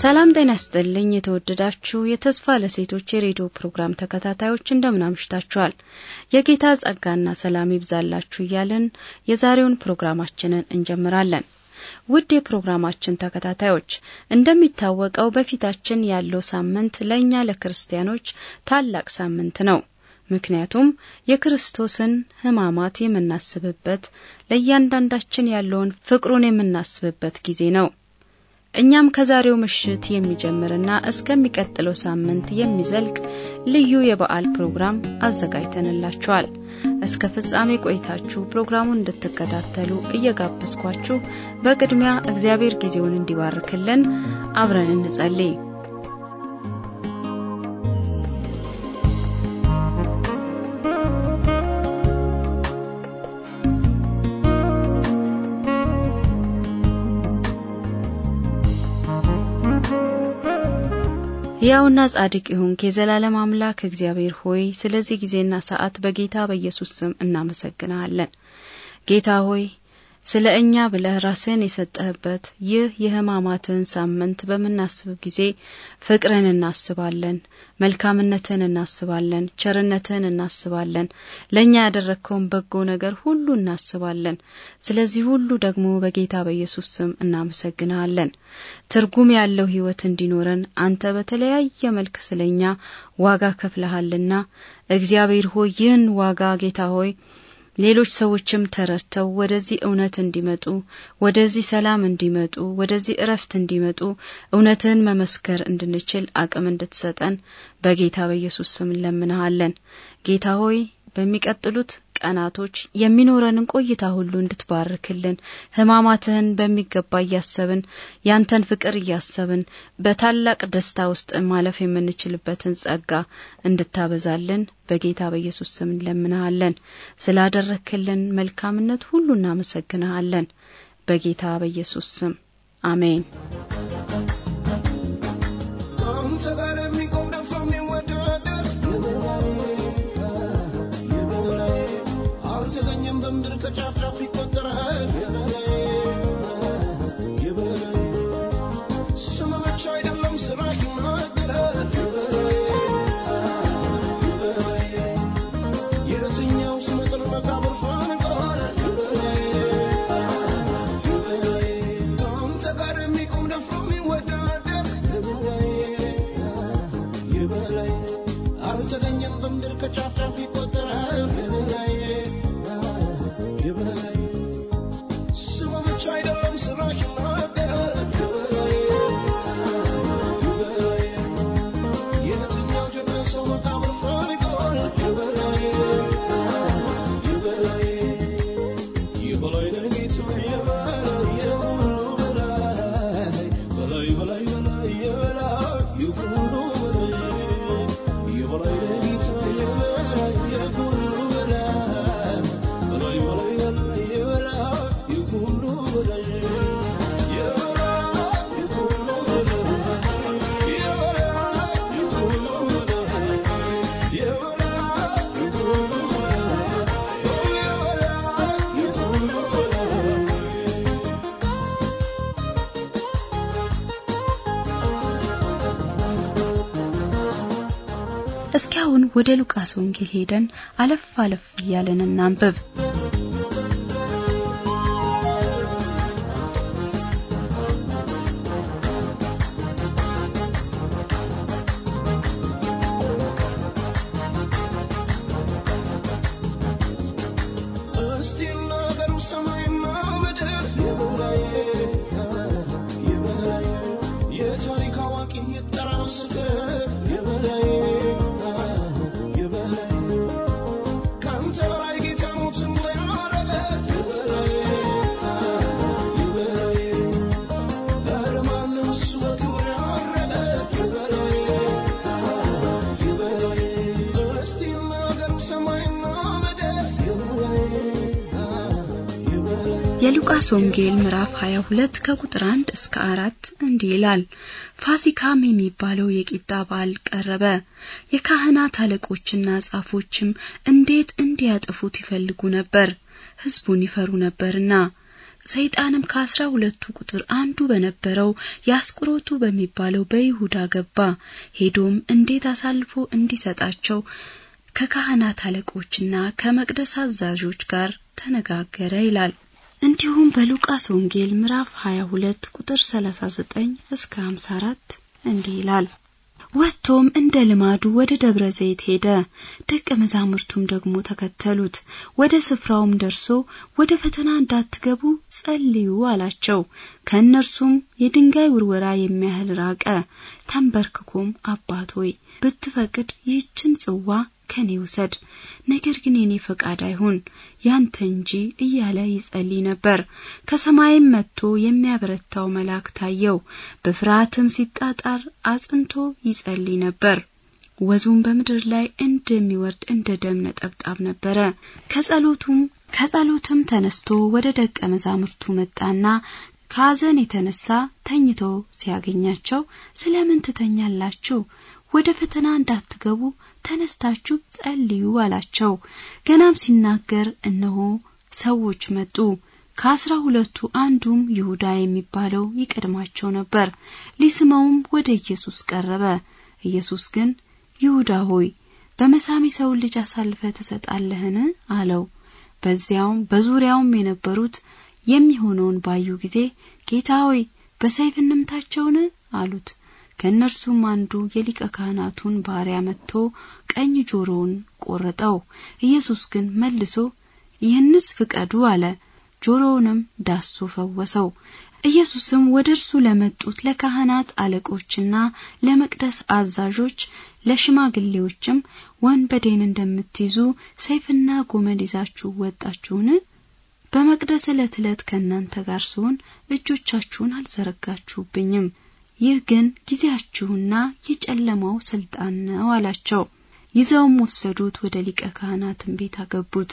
ሰላም ጤና ስጥልኝ። የተወደዳችሁ የተስፋ ለሴቶች የሬዲዮ ፕሮግራም ተከታታዮች እንደምን አምሽታችኋል? የጌታ ጸጋና ሰላም ይብዛላችሁ እያለን የዛሬውን ፕሮግራማችንን እንጀምራለን። ውድ የፕሮግራማችን ተከታታዮች እንደሚታወቀው በፊታችን ያለው ሳምንት ለእኛ ለክርስቲያኖች ታላቅ ሳምንት ነው። ምክንያቱም የክርስቶስን ሕማማት የምናስብበት፣ ለእያንዳንዳችን ያለውን ፍቅሩን የምናስብበት ጊዜ ነው። እኛም ከዛሬው ምሽት የሚጀምርና እስከሚቀጥለው ሳምንት የሚዘልቅ ልዩ የበዓል ፕሮግራም አዘጋጅተንላችኋል። እስከ ፍጻሜ ቆይታችሁ ፕሮግራሙን እንድትከታተሉ እየጋበዝኳችሁ በቅድሚያ እግዚአብሔር ጊዜውን እንዲባርክልን አብረን እንጸልይ። ሕያውና ጻድቅ የሆንክ የዘላለም አምላክ እግዚአብሔር ሆይ ስለዚህ ጊዜና ሰዓት በጌታ በኢየሱስ ስም እናመሰግናለን። ጌታ ሆይ ስለ እኛ ብለህ ራስህን የሰጠህበት ይህ የህማማትን ሳምንት በምናስብ ጊዜ ፍቅርን እናስባለን፣ መልካምነትን እናስባለን፣ ቸርነትን እናስባለን፣ ለእኛ ያደረግከውን በጎ ነገር ሁሉ እናስባለን። ስለዚህ ሁሉ ደግሞ በጌታ በኢየሱስ ስም እናመሰግናለን ትርጉም ያለው ሕይወት እንዲኖረን አንተ በተለያየ መልክ ስለ እኛ ዋጋ ከፍለሃልና እግዚአብሔር ሆይ ይህን ዋጋ ጌታ ሆይ ሌሎች ሰዎችም ተረድተው ወደዚህ እውነት እንዲመጡ ወደዚህ ሰላም እንዲመጡ ወደዚህ እረፍት እንዲመጡ እውነትን መመስከር እንድንችል አቅም እንድትሰጠን በጌታ በኢየሱስ ስም እንለምንሃለን። ጌታ ሆይ በሚቀጥሉት ቀናቶች የሚኖረንን ቆይታ ሁሉ እንድትባርክልን ሕማማትህን በሚገባ እያሰብን ያንተን ፍቅር እያሰብን በታላቅ ደስታ ውስጥ ማለፍ የምንችልበትን ጸጋ እንድታበዛልን በጌታ በኢየሱስ ስም እንለምንሃለን። ስላደረክልን መልካምነት ሁሉ እናመሰግንሃለን። በጌታ በኢየሱስ ስም አሜን። ወደ ሉቃስ ወንጌል ሄደን አለፍ አለፍ እያለን እናንብብ። የሉቃስ ወንጌል ምዕራፍ 22 ከቁጥር 1 እስከ 4 እንዲህ ይላል። ፋሲካም የሚባለው የቂጣ በዓል ቀረበ። የካህናት አለቆችና ጻፎችም እንዴት እንዲያጠፉት ይፈልጉ ነበር፣ ሕዝቡን ይፈሩ ነበርና። ሰይጣንም ከአስራ ሁለቱ ቁጥር አንዱ በነበረው የአስቆሮቱ በሚባለው በይሁዳ ገባ። ሄዶም እንዴት አሳልፎ እንዲሰጣቸው ከካህናት አለቆችና ከመቅደስ አዛዦች ጋር ተነጋገረ ይላል። እንዲሁም በሉቃስ ወንጌል ምዕራፍ 22 ቁጥር 39 እስከ 54 እንዲህ ይላል። ወጥቶም እንደ ልማዱ ወደ ደብረ ዘይት ሄደ። ደቀ መዛሙርቱም ደግሞ ተከተሉት። ወደ ስፍራውም ደርሶ ወደ ፈተና እንዳትገቡ ጸልዩ አላቸው። ከእነርሱም የድንጋይ ውርወራ የሚያህል ራቀ። ተንበርክኮም አባት ሆይ ብትፈቅድ ይህችን ጽዋ ከኔ ውሰድ፣ ነገር ግን የኔ ፈቃድ አይሁን ያንተ እንጂ እያለ ይጸልይ ነበር። ከሰማይም መጥቶ የሚያበረታው መልአክ ታየው። በፍርሃትም ሲጣጣር አጽንቶ ይጸልይ ነበር። ወዙም በምድር ላይ እንደሚወርድ እንደ ደም ነጠብጣብ ነበረ። ከጸሎቱም ከጸሎትም ተነስቶ ወደ ደቀ መዛሙርቱ መጣና ከሐዘን የተነሳ ተኝቶ ሲያገኛቸው ስለምን ትተኛላችሁ? ወደ ፈተና እንዳትገቡ ተነስታችሁ ጸልዩ አላቸው። ገናም ሲናገር እነሆ ሰዎች መጡ። ከአስራ ሁለቱ አንዱም ይሁዳ የሚባለው ይቀድማቸው ነበር። ሊስመውም ወደ ኢየሱስ ቀረበ። ኢየሱስ ግን ይሁዳ ሆይ በመሳሜ ሰውን ልጅ አሳልፈ ትሰጣለህን? አለው። በዚያውም በዙሪያውም የነበሩት የሚሆነውን ባዩ ጊዜ ጌታ ሆይ በሰይፍ እንምታቸውን? አሉት። ከእነርሱም አንዱ የሊቀ ካህናቱን ባሪያ መጥቶ ቀኝ ጆሮውን ቆረጠው። ኢየሱስ ግን መልሶ ይህንስ ፍቀዱ አለ። ጆሮውንም ዳሶ ፈወሰው። ኢየሱስም ወደ እርሱ ለመጡት ለካህናት አለቆችና ለመቅደስ አዛዦች ለሽማግሌዎችም ወንበዴን እንደምትይዙ ሰይፍና ጎመድ ይዛችሁ ወጣችሁን? በመቅደስ ዕለት ዕለት ከእናንተ ጋር ስሆን እጆቻችሁን አልዘረጋችሁብኝም። ይህ ግን ጊዜያችሁና የጨለማው ስልጣን ነው አላቸው። ይዘውም ወሰዱት፣ ወደ ሊቀ ካህናትም ቤት አገቡት።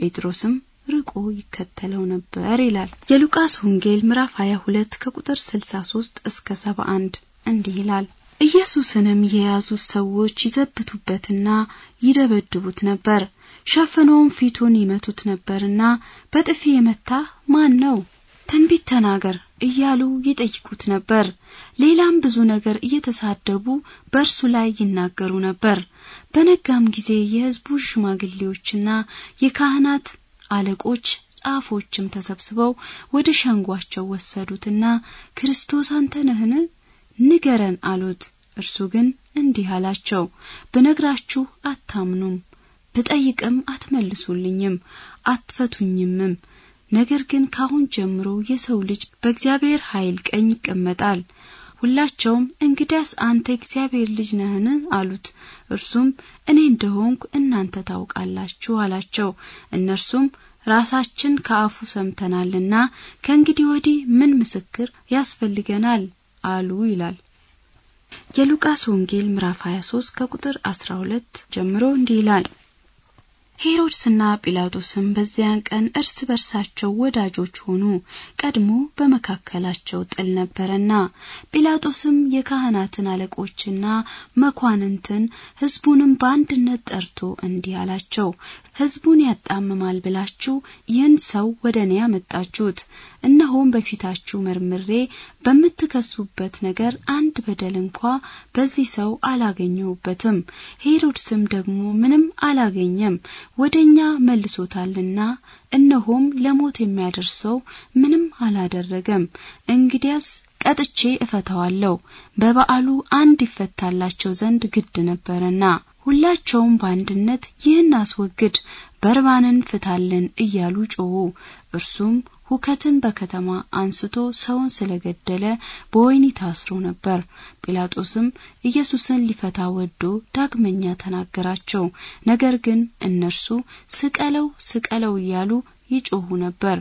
ጴጥሮስም ርቆ ይከተለው ነበር ይላል። የሉቃስ ወንጌል ምዕራፍ 22 ከቁጥር 63 እስከ 71 እንዲህ ይላል። ኢየሱስንም የያዙት ሰዎች ይዘብቱበትና ይደበድቡት ነበር። ሸፍነውም ፊቱን ይመቱት ነበርና በጥፊ የመታ ማን ነው? ትንቢት ተናገር እያሉ ይጠይቁት ነበር። ሌላም ብዙ ነገር እየተሳደቡ በእርሱ ላይ ይናገሩ ነበር። በነጋም ጊዜ የሕዝቡ ሽማግሌዎችና የካህናት አለቆች ጻፎችም ተሰብስበው ወደ ሸንጓቸው ወሰዱትና ክርስቶስ አንተ ነህን? ንገረን አሉት። እርሱ ግን እንዲህ አላቸው፣ ብነግራችሁ አታምኑም፣ ብጠይቅም አትመልሱልኝም፣ አትፈቱኝምም። ነገር ግን ካሁን ጀምሮ የሰው ልጅ በእግዚአብሔር ኃይል ቀኝ ይቀመጣል። ሁላቸውም እንግዲያስ አንተ እግዚአብሔር ልጅ ነህን አሉት። እርሱም እኔ እንደሆንኩ እናንተ ታውቃላችሁ አላቸው። እነርሱም ራሳችን ከአፉ ሰምተናልና ከእንግዲህ ወዲህ ምን ምስክር ያስፈልገናል አሉ ይላል። የሉቃስ ወንጌል ምዕራፍ 23 ከቁጥር 12 ጀምሮ እንዲህ ይላል። ሄሮድስና ጲላጦስም በዚያን ቀን እርስ በርሳቸው ወዳጆች ሆኑ። ቀድሞ በመካከላቸው ጥል ነበረና ጲላጦስም የካህናትን አለቆችና መኳንንትን ሕዝቡንም በአንድነት ጠርቶ እንዲህ አላቸው። ሕዝቡን ያጣምማል ብላችሁ ይህን ሰው ወደ እኔ ያመጣችሁት፣ እነሆም በፊታችሁ መርምሬ በምትከሱበት ነገር አንድ በደል እንኳ በዚህ ሰው አላገኘሁበትም። ሄሮድስም ደግሞ ምንም አላገኘም ወደ እኛ መልሶታልና እነሆም ለሞት የሚያደርሰው ምንም አላደረገም። እንግዲያስ ቀጥቼ እፈታዋለሁ። በበዓሉ አንድ ይፈታላቸው ዘንድ ግድ ነበረና ሁላቸውም በአንድነት ይህን አስወግድ፣ በርባንን ፍታልን እያሉ ጮሁ እርሱም ሁከትን በከተማ አንስቶ ሰውን ስለገደለ በወህኒ ታስሮ ነበር። ጲላጦስም ኢየሱስን ሊፈታ ወዶ ዳግመኛ ተናገራቸው። ነገር ግን እነርሱ ስቀለው ስቀለው እያሉ ይጮሁ ነበር።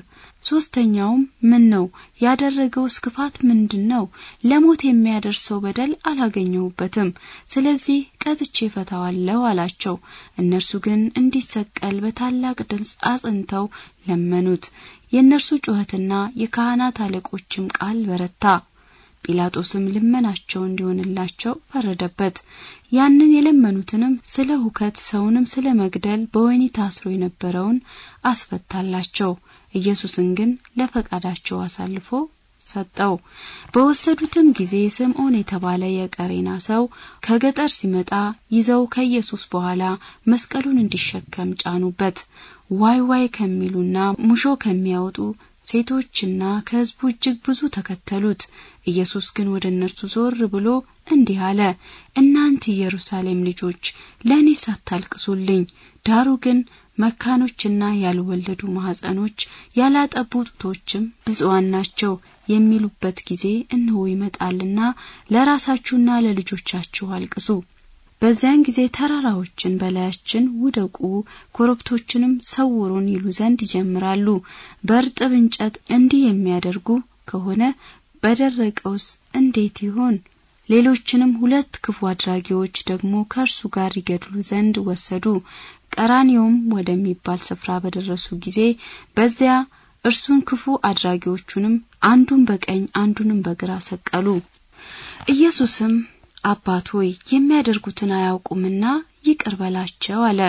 ሶስተኛውም ምን ነው ያደረገውስ ክፋት ምንድን ነው? ለሞት የሚያደርሰው በደል አላገኘሁበትም፣ ስለዚህ ቀጥቼ ፈታዋለሁ አላቸው። እነርሱ ግን እንዲሰቀል በታላቅ ድምፅ አጽንተው ለመኑት። የእነርሱ ጩኸትና የካህናት አለቆችም ቃል በረታ። ጲላጦስም ልመናቸው እንዲሆንላቸው ፈረደበት። ያንን የለመኑትንም ስለ ሁከት ሰውንም ስለ መግደል በወህኒ ታስሮ የነበረውን አስፈታላቸው። ኢየሱስን ግን ለፈቃዳቸው አሳልፎ ሰጠው። በወሰዱትም ጊዜ ስምዖን የተባለ የቀሬና ሰው ከገጠር ሲመጣ ይዘው ከኢየሱስ በኋላ መስቀሉን እንዲሸከም ጫኑበት። ዋይ ዋይ ከሚሉና ሙሾ ከሚያወጡ ሴቶችና ከህዝቡ እጅግ ብዙ ተከተሉት። ኢየሱስ ግን ወደ እነርሱ ዞር ብሎ እንዲህ አለ፣ እናንተ ኢየሩሳሌም ልጆች ለኔ ሳታልቅሱልኝ ዳሩ ግን መካኖችና ያልወለዱ ማኅፀኖች ያላጠቡ ጡቶችም ብፁዓን ናቸው የሚሉበት ጊዜ እነሆ ይመጣልና ለራሳችሁና ለልጆቻችሁ አልቅሱ። በዚያን ጊዜ ተራራዎችን በላያችን ውደቁ፣ ኮረብቶችንም ሰውሩን ይሉ ዘንድ ይጀምራሉ። በእርጥብ እንጨት እንዲህ የሚያደርጉ ከሆነ በደረቀውስ እንዴት ይሆን? ሌሎችንም ሁለት ክፉ አድራጊዎች ደግሞ ከእርሱ ጋር ይገድሉ ዘንድ ወሰዱ። ቀራኒዮም ወደሚባል ስፍራ በደረሱ ጊዜ በዚያ እርሱን ክፉ አድራጊዎቹንም አንዱን በቀኝ አንዱንም በግራ ሰቀሉ። ኢየሱስም አባት ሆይ የሚያደርጉትን አያውቁምና ይቅር በላቸው አለ።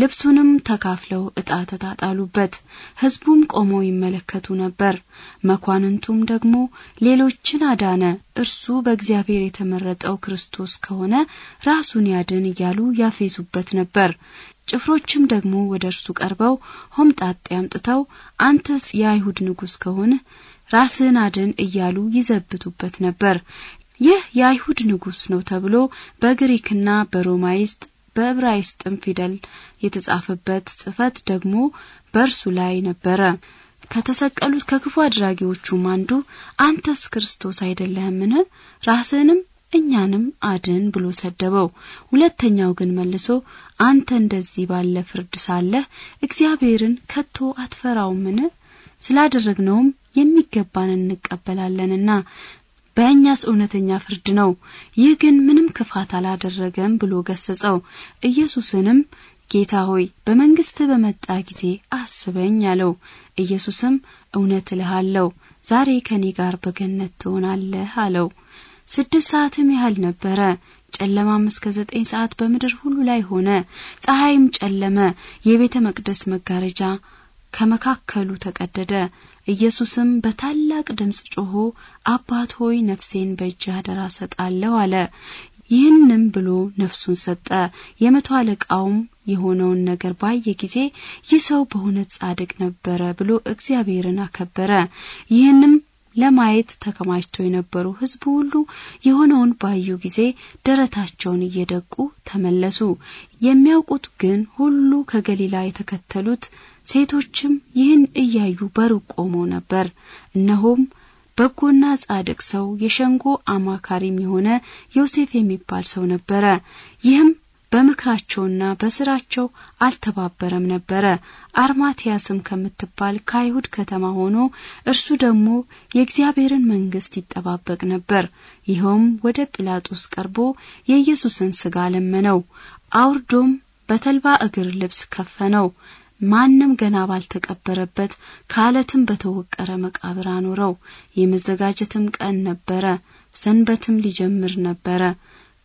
ልብሱንም ተካፍለው ዕጣ ተጣጣሉበት። ሕዝቡም ቆመው ይመለከቱ ነበር። መኳንንቱም ደግሞ ሌሎችን አዳነ፣ እርሱ በእግዚአብሔር የተመረጠው ክርስቶስ ከሆነ ራሱን ያድን እያሉ ያፌዙበት ነበር። ጭፍሮችም ደግሞ ወደ እርሱ ቀርበው ሆምጣጤ አምጥተው አንተስ የአይሁድ ንጉሥ ከሆንህ ራስህን አድን እያሉ ይዘብቱበት ነበር። ይህ የአይሁድ ንጉስ ነው ተብሎ በግሪክና በሮማይስጥ በዕብራይስጥም ፊደል የተጻፈበት ጽፈት ደግሞ በእርሱ ላይ ነበረ። ከተሰቀሉት ከክፉ አድራጊዎቹም አንዱ አንተስ ክርስቶስ አይደለህምን? ራስህንም እኛንም አድን ብሎ ሰደበው። ሁለተኛው ግን መልሶ አንተ እንደዚህ ባለ ፍርድ ሳለህ እግዚአብሔርን ከቶ አትፈራውምን? ስላደረግነውም የሚገባን እንቀበላለንና በእኛስ እውነተኛ ፍርድ ነው፣ ይህ ግን ምንም ክፋት አላደረገም ብሎ ገሰጸው። ኢየሱስንም ጌታ ሆይ በመንግስት በመጣ ጊዜ አስበኝ አለው። ኢየሱስም እውነት እልሃለሁ ዛሬ ከኔ ጋር በገነት ትሆናለህ አለው። ስድስት ሰዓትም ያህል ነበረ። ጨለማም እስከ ዘጠኝ ሰዓት በምድር ሁሉ ላይ ሆነ። ፀሐይም ጨለመ። የቤተ መቅደስ መጋረጃ ከመካከሉ ተቀደደ። ኢየሱስም በታላቅ ድምፅ ጮሆ አባት ሆይ ነፍሴን በእጅህ አደራ ሰጣለሁ አለ። ይህንም ብሎ ነፍሱን ሰጠ። የመቶ አለቃውም የሆነውን ነገር ባየ ጊዜ ይህ ሰው በእውነት ጻድቅ ነበረ ብሎ እግዚአብሔርን አከበረ። ይህንም ለማየት ተከማችተው የነበሩ ህዝብ ሁሉ የሆነውን ባዩ ጊዜ ደረታቸውን እየደቁ ተመለሱ። የሚያውቁት ግን ሁሉ ከገሊላ የተከተሉት ሴቶችም ይህን እያዩ በሩቅ ቆመው ነበር። እነሆም በጎና ጻድቅ ሰው የሸንጎ አማካሪም የሆነ ዮሴፍ የሚባል ሰው ነበረ። ይህም በምክራቸውና በስራቸው አልተባበረም ነበረ። አርማቲያስም ከምትባል ከአይሁድ ከተማ ሆኖ እርሱ ደግሞ የእግዚአብሔርን መንግስት ይጠባበቅ ነበር። ይኸውም ወደ ጲላጦስ ቀርቦ የኢየሱስን ስጋ ለመነው። አውርዶም በተልባ እግር ልብስ ከፈነው። ማንም ገና ባልተቀበረበት ከአለትም በተወቀረ መቃብር አኖረው። የመዘጋጀትም ቀን ነበረ። ሰንበትም ሊጀምር ነበረ።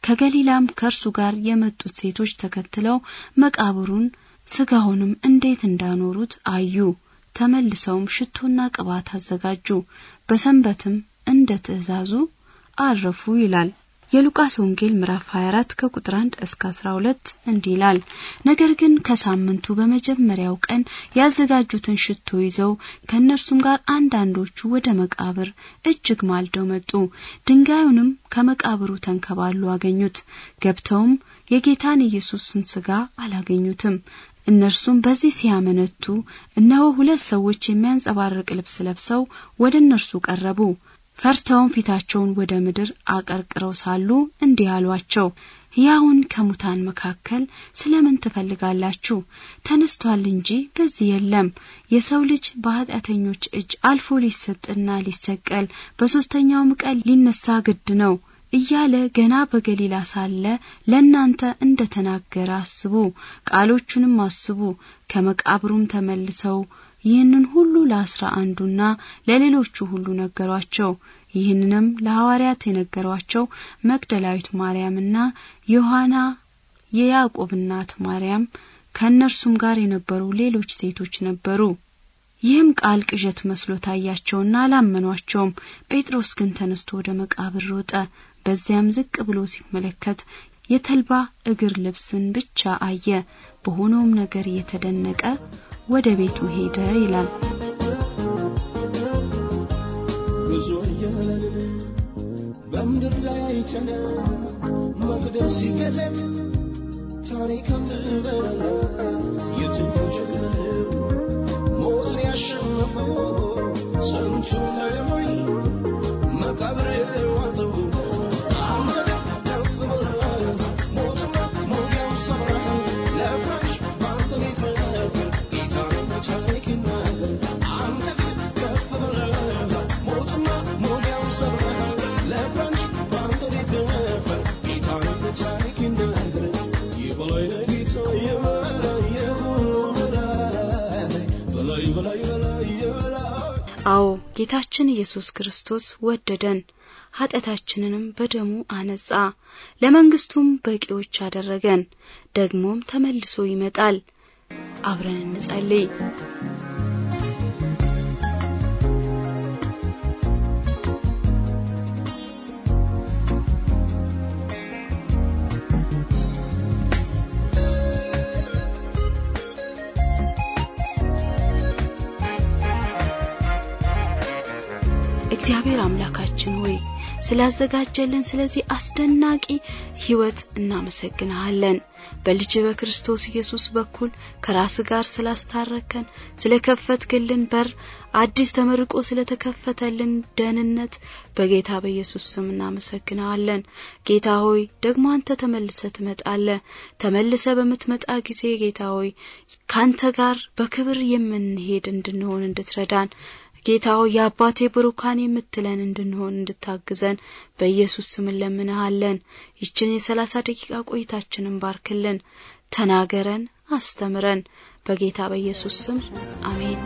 ከገሊላም ከእርሱ ጋር የመጡት ሴቶች ተከትለው መቃብሩን ስጋውንም እንዴት እንዳኖሩት አዩ። ተመልሰውም ሽቶና ቅባት አዘጋጁ። በሰንበትም እንደ ትእዛዙ አረፉ ይላል። የሉቃስ ወንጌል ምዕራፍ 24 ከቁጥር 1 እስከ 12 እንዲህ ይላል። ነገር ግን ከሳምንቱ በመጀመሪያው ቀን ያዘጋጁትን ሽቶ ይዘው ከእነርሱም ጋር አንዳንዶቹ ወደ መቃብር እጅግ ማልደው መጡ። ድንጋዩንም ከመቃብሩ ተንከባሉ አገኙት። ገብተውም የጌታን ኢየሱስን ሥጋ አላገኙትም። እነርሱም በዚህ ሲያመነቱ እነሆ ሁለት ሰዎች የሚያንጸባርቅ ልብስ ለብሰው ወደ እነርሱ ቀረቡ። ፈርተውም ፊታቸውን ወደ ምድር አቀርቅረው ሳሉ እንዲህ አሏቸው፣ ሕያውን ከሙታን መካከል ስለምን ትፈልጋላችሁ? ተነስቷል እንጂ በዚህ የለም። የሰው ልጅ በኃጢአተኞች እጅ አልፎ ሊሰጥና ሊሰቀል በሦስተኛውም ቀን ሊነሳ ግድ ነው እያለ ገና በገሊላ ሳለ ለእናንተ እንደ ተናገረ አስቡ፣ ቃሎቹንም አስቡ። ከመቃብሩም ተመልሰው ይህንን ሁሉ ለአስራ አንዱና ለሌሎቹ ሁሉ ነገሯቸው። ይህንንም ለሐዋርያት የነገሯቸው መግደላዊት ማርያምና ዮሐና የያዕቆብ እናት ማርያም ከእነርሱም ጋር የነበሩ ሌሎች ሴቶች ነበሩ። ይህም ቃል ቅዠት መስሎ ታያቸውና አላመኗቸውም። ጴጥሮስ ግን ተነስቶ ወደ መቃብር ሮጠ። በዚያም ዝቅ ብሎ ሲመለከት የተልባ እግር ልብስን ብቻ አየ። በሆነውም ነገር የተደነቀ ወደ ቤቱ ሄደ ይላል። ብዙ እያልን በምድር ላይ አይተን መቅደስ ሲገለጥ ሞትን ያሸነፈው መቃብር አዎ ጌታችን ኢየሱስ ክርስቶስ ወደደን፣ ኃጢአታችንንም በደሙ አነጻ፣ ለመንግስቱም በቂዎች አደረገን። ደግሞም ተመልሶ ይመጣል። አብረን እንጸልይ። እግዚአብሔር አምላካችን ሆይ ስላዘጋጀልን ስለዚህ አስደናቂ ህይወት እናመሰግናለን። በልጅ በክርስቶስ ኢየሱስ በኩል ከራስ ጋር ስላስታረከን፣ ስለከፈትክልን በር፣ አዲስ ተመርቆ ስለተከፈተልን ደህንነት በጌታ በኢየሱስ ስም እናመሰግናለን። ጌታ ሆይ ደግሞ አንተ ተመልሰ ትመጣለ። ተመልሰ በምትመጣ ጊዜ ጌታ ሆይ ካንተ ጋር በክብር የምንሄድ እንድንሆን እንድትረዳን ጌታው የአባቴ ብሩካን የምትለን እንድንሆን እንድታግዘን በኢየሱስ ስም እንለምንሃለን። ይችን የሰላሳ ደቂቃ ቆይታችንን ባርክልን፣ ተናገረን፣ አስተምረን። በጌታ በኢየሱስ ስም አሜን።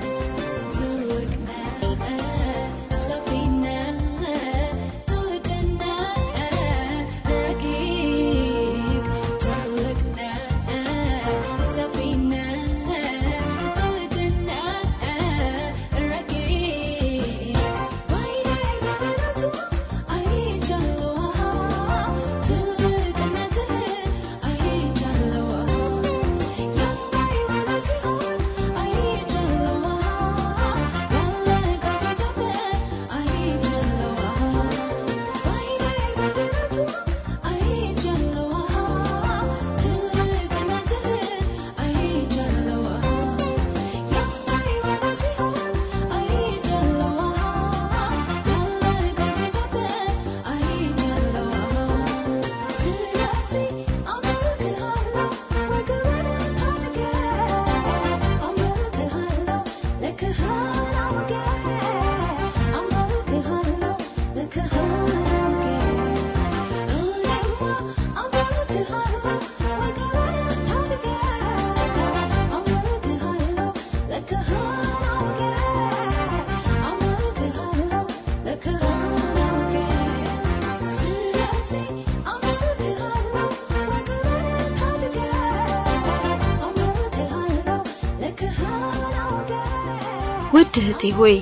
ሆይ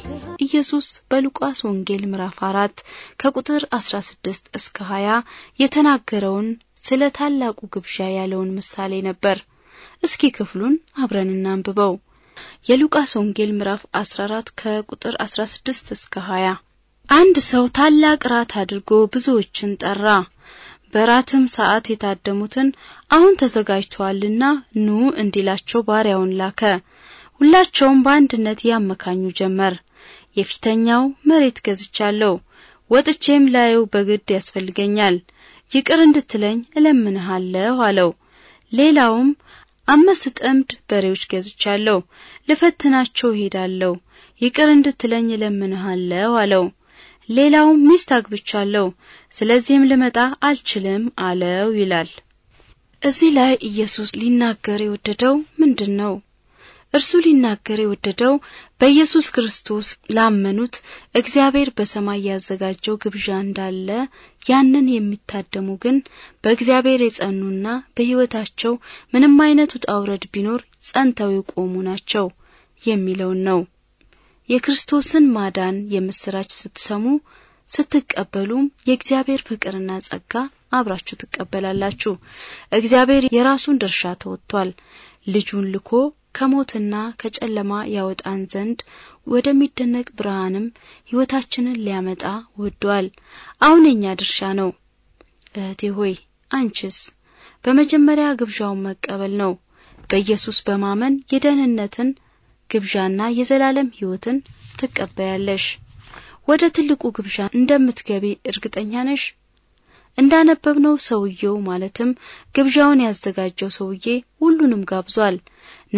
ኢየሱስ በሉቃስ ወንጌል ምዕራፍ 4 ከቁጥር 16 እስከ 20 የተናገረውን ስለ ታላቁ ግብዣ ያለውን ምሳሌ ነበር። እስኪ ክፍሉን አብረን እናንብበው። የሉቃስ ወንጌል ምዕራፍ 14 ከቁጥር 16 እስከ 20 አንድ ሰው ታላቅ ራት አድርጎ ብዙዎችን ጠራ። በራትም ሰዓት የታደሙትን አሁን ተዘጋጅቷልና ኑ እንዲላቸው ባሪያውን ላከ። ሁላቸውም በአንድነት ያመካኙ ጀመር። የፊተኛው መሬት ገዝቻለሁ፣ ወጥቼም ላዩ በግድ ያስፈልገኛል፣ ይቅር እንድትለኝ እለምንሃለሁ አለው። ሌላውም አምስት ጥምድ በሬዎች ገዝቻለሁ፣ ልፈትናቸው ሄዳለሁ ይቅር እንድትለኝ እለምንሃለሁ አለው። ሌላውም ሚስት አግብቻለሁ፣ ስለዚህም ልመጣ አልችልም አለው ይላል። እዚህ ላይ ኢየሱስ ሊናገር የወደደው ምንድን ነው? እርሱ ሊናገር የወደደው በኢየሱስ ክርስቶስ ላመኑት እግዚአብሔር በሰማይ ያዘጋጀው ግብዣ እንዳለ ያንን የሚታደሙ ግን በእግዚአብሔር የጸኑና በሕይወታቸው ምንም አይነት ውጣውረድ ቢኖር ጸንተው የቆሙ ናቸው የሚለውን ነው። የክርስቶስን ማዳን የምስራች ስትሰሙ ስትቀበሉም የእግዚአብሔር ፍቅርና ጸጋ አብራችሁ ትቀበላላችሁ። እግዚአብሔር የራሱን ድርሻ ተወጥቷል። ልጁን ልኮ ከሞትና ከጨለማ ያወጣን ዘንድ ወደሚደነቅ ብርሃንም ሕይወታችንን ሊያመጣ ወዷል። አሁን የኛ ድርሻ ነው። እህቴ ሆይ አንቺስ? በመጀመሪያ ግብዣውን መቀበል ነው። በኢየሱስ በማመን የደህንነትን ግብዣና የዘላለም ሕይወትን ትቀበያለሽ። ወደ ትልቁ ግብዣ እንደምትገቢ እርግጠኛ ነሽ? እንዳነበብነው ሰውየው ማለትም ግብዣውን ያዘጋጀው ሰውዬ ሁሉንም ጋብዟል።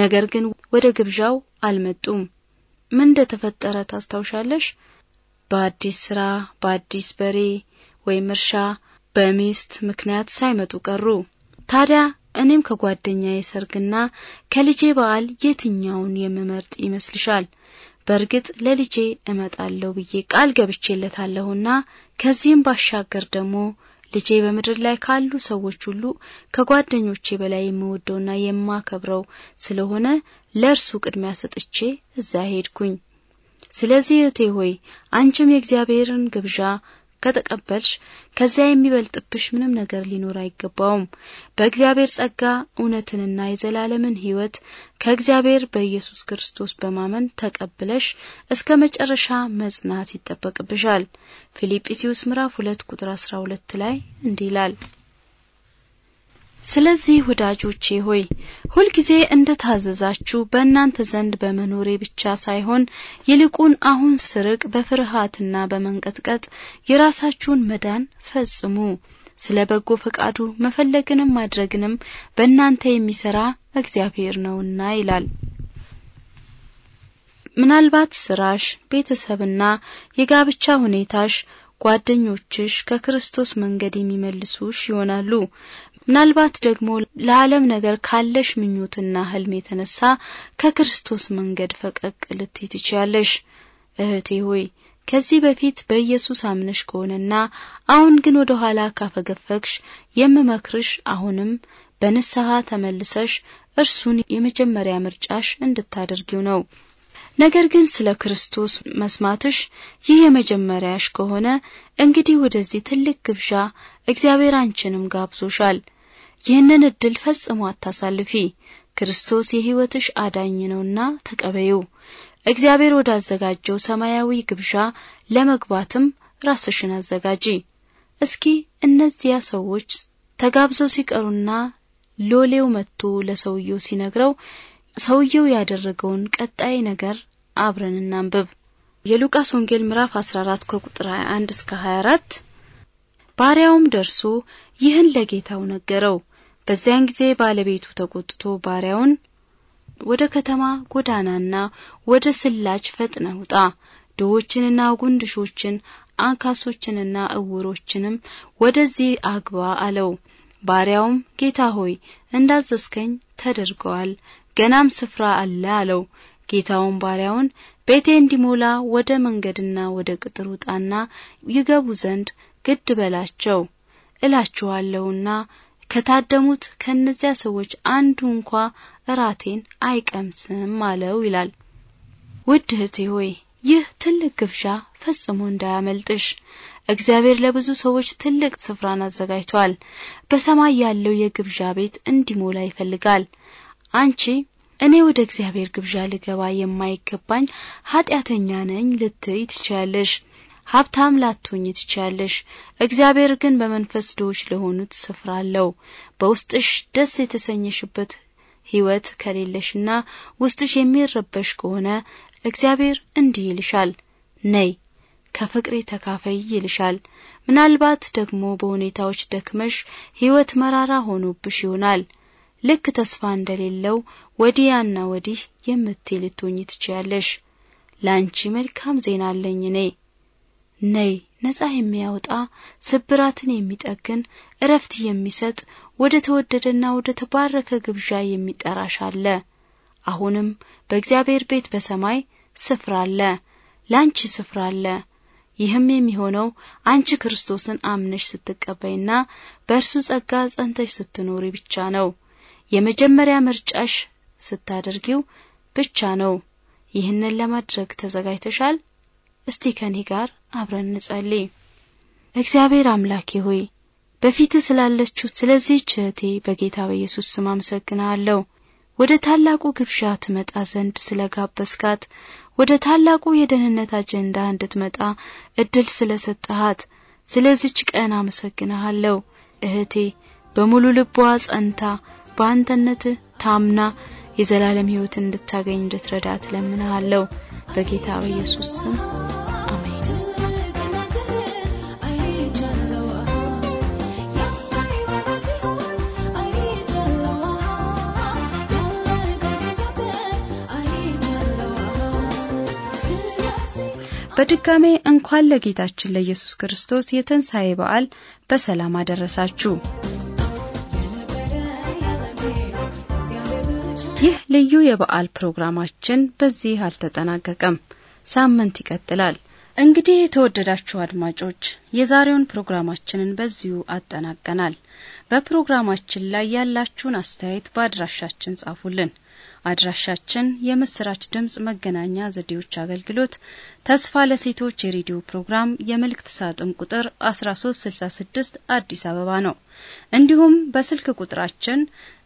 ነገር ግን ወደ ግብዣው አልመጡም። ምን እንደተፈጠረ ታስታውሻለሽ? በአዲስ ስራ፣ በአዲስ በሬ ወይም እርሻ፣ በሚስት ምክንያት ሳይመጡ ቀሩ። ታዲያ እኔም ከጓደኛዬ ሰርግና ከልጄ በዓል የትኛውን የምመርጥ ይመስልሻል? በእርግጥ ለልጄ እመጣለሁ ብዬ ቃል ገብቼለታለሁና ከዚህም ባሻገር ደግሞ ልጄ በምድር ላይ ካሉ ሰዎች ሁሉ ከጓደኞቼ በላይ የምወደውና የማከብረው ስለሆነ ለእርሱ ቅድሚያ ሰጥቼ እዛ ሄድኩኝ። ስለዚህ እህቴ ሆይ አንቺም የእግዚአብሔርን ግብዣ ከተቀበልሽ ከዚያ የሚበልጥብሽ ምንም ነገር ሊኖር አይገባውም። በእግዚአብሔር ጸጋ እውነትንና የዘላለምን ሕይወት ከእግዚአብሔር በኢየሱስ ክርስቶስ በማመን ተቀብለሽ እስከ መጨረሻ መጽናት ይጠበቅብሻል። ፊልጵስዩስ ምዕራፍ 2 ቁጥር 12 ላይ እንዲህ ይላል። ስለዚህ ወዳጆቼ ሆይ ሁልጊዜ እንደ ታዘዛችሁ በእናንተ ዘንድ በመኖሬ ብቻ ሳይሆን ይልቁን አሁን ስርቅ በፍርሃትና በመንቀጥቀጥ የራሳችሁን መዳን ፈጽሙ። ስለ በጎ ፈቃዱ መፈለግንም ማድረግንም በእናንተ የሚሰራ እግዚአብሔር ነውና ይላል። ምናልባት ስራሽ፣ ቤተሰብና የጋብቻ ሁኔታሽ ጓደኞችሽ ከክርስቶስ መንገድ የሚመልሱሽ ይሆናሉ። ምናልባት ደግሞ ለዓለም ነገር ካለሽ ምኞትና ህልም የተነሳ ከክርስቶስ መንገድ ፈቀቅ ልትይ ትችያለሽ። እህቴ ሆይ ከዚህ በፊት በኢየሱስ አምነሽ ከሆነና አሁን ግን ወደ ኋላ ካፈገፈግሽ የምመክርሽ አሁንም በንስሐ ተመልሰሽ እርሱን የመጀመሪያ ምርጫሽ እንድታደርጊው ነው። ነገር ግን ስለ ክርስቶስ መስማትሽ ይህ የመጀመሪያሽ ከሆነ እንግዲህ ወደዚህ ትልቅ ግብዣ እግዚአብሔር አንቺንም ጋብዞሻል። ይህንን እድል ፈጽሞ አታሳልፊ። ክርስቶስ የሕይወትሽ አዳኝ ነውና ተቀበዩ። እግዚአብሔር ወዳዘጋጀው ሰማያዊ ግብዣ ለመግባትም ራስሽን አዘጋጂ። እስኪ እነዚያ ሰዎች ተጋብዘው ሲቀሩና ሎሌው መጥቶ ለሰውየው ሲነግረው ሰውየው ያደረገውን ቀጣይ ነገር አብረን እናንብብ። የሉቃስ ወንጌል ምዕራፍ 14 ከቁጥር 21 እስከ 24 ባሪያውም ደርሶ ይህን ለጌታው ነገረው። በዚያን ጊዜ ባለቤቱ ተቆጥቶ ባሪያውን ወደ ከተማ ጎዳናና ወደ ስላች ፈጥነ ውጣ፣ ድሆችንና ጉንድሾችን አንካሶችንና እውሮችንም ወደዚህ አግባ አለው። ባሪያውም ጌታ ሆይ እንዳዘዝከኝ ተደርገዋል፣ ገናም ስፍራ አለ አለው። ጌታውም ባሪያውን ቤቴ እንዲሞላ ወደ መንገድና ወደ ቅጥር ውጣና ይገቡ ዘንድ ግድ በላቸው እላችኋለሁና ከታደሙት ከእነዚያ ሰዎች አንዱ እንኳ እራቴን አይቀምስም አለው ይላል። ውድ እህቴ ሆይ ይህ ትልቅ ግብዣ ፈጽሞ እንዳያመልጥሽ። እግዚአብሔር ለብዙ ሰዎች ትልቅ ስፍራን አዘጋጅቷል። በሰማይ ያለው የግብዣ ቤት እንዲሞላ ይፈልጋል። አንቺ እኔ ወደ እግዚአብሔር ግብዣ ልገባ የማይገባኝ ኃጢአተኛ ነኝ ልትይ ትችያለሽ። ሀብታም ላትሆኝ ትችያለሽ፣ እግዚአብሔር ግን በመንፈስ ድሆች ለሆኑት ስፍራ አለው። በውስጥሽ ደስ የተሰኘሽበት ሕይወት ከሌለሽና ውስጥሽ የሚረበሽ ከሆነ እግዚአብሔር እንዲህ ይልሻል፣ ነይ ከፍቅሬ ተካፈይ ይልሻል። ምናልባት ደግሞ በሁኔታዎች ደክመሽ ሕይወት መራራ ሆኖብሽ ይሆናል። ልክ ተስፋ እንደሌለው ወዲያና ወዲህ የምትይ ልትሆኚ ትችያለሽ። ላንቺ መልካም ዜና አለኝ እኔ ነይ ነጻ የሚያወጣ ስብራትን የሚጠግን እረፍት የሚሰጥ ወደ ተወደደና ወደ ተባረከ ግብዣ የሚጠራሽ አለ። አሁንም በእግዚአብሔር ቤት በሰማይ ስፍራ አለ፣ ላንቺ ስፍራ አለ። ይህም የሚሆነው አንቺ ክርስቶስን አምነሽ ስትቀበይና በእርሱ ጸጋ ጸንተሽ ስትኖሪ ብቻ ነው። የመጀመሪያ ምርጫሽ ስታደርጊው ብቻ ነው። ይህንን ለማድረግ ተዘጋጅተሻል? እስቲ ከኔ ጋር አብረን እንጸልይ። እግዚአብሔር አምላኬ ሆይ በፊት ስላለችው ስለዚህች እህቴ በጌታ በኢየሱስ ስም አመሰግናለሁ። ወደ ታላቁ ግብዣ ትመጣ ዘንድ ስለጋበስካት ወደ ታላቁ የደህንነት አጀንዳ እንድትመጣ እድል ስለሰጠሃት ስለዚች ቀን አመሰግንሃለሁ። እህቴ በሙሉ ልቧ ጸንታ በአንተነት ታምና የዘላለም ሕይወት እንድታገኝ እንድትረዳት እለምንሃለሁ። በጌታ በኢየሱስ ስም አሜን። በድጋሜ እንኳን ለጌታችን ለኢየሱስ ክርስቶስ የትንሣኤ በዓል በሰላም አደረሳችሁ። ይህ ልዩ የበዓል ፕሮግራማችን በዚህ አልተጠናቀቀም፣ ሳምንት ይቀጥላል። እንግዲህ የተወደዳችሁ አድማጮች የዛሬውን ፕሮግራማችንን በዚሁ አጠናቀናል። በፕሮግራማችን ላይ ያላችሁን አስተያየት በአድራሻችን ጻፉልን። አድራሻችን የምስራች ድምፅ መገናኛ ዘዴዎች አገልግሎት ተስፋ ለሴቶች የሬዲዮ ፕሮግራም የመልእክት ሳጥን ቁጥር 1366 አዲስ አበባ ነው። እንዲሁም በስልክ ቁጥራችን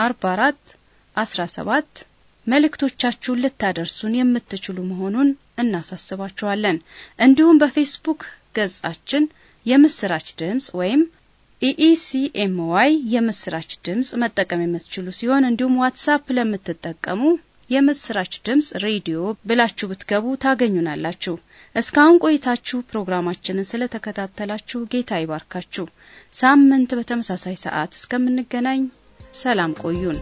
44 17 አስራ ሰባት መልእክቶቻችሁን ልታደርሱን የምትችሉ መሆኑን እናሳስባችኋለን። እንዲሁም በፌስቡክ ገጻችን የምስራች ድምጽ ወይም ኢኢሲኤምዋይ e e የምስራች ድምጽ መጠቀም የምትችሉ ሲሆን እንዲሁም ዋትሳፕ ለምትጠቀሙ የምስራች ድምጽ ሬዲዮ ብላችሁ ብትገቡ ታገኙናላችሁ። እስካሁን ቆይታችሁ ፕሮግራማችንን ስለተከታተላችሁ ጌታ ይባርካችሁ። ሳምንት በተመሳሳይ ሰዓት እስከምንገናኝ ሰላም ቆዩን።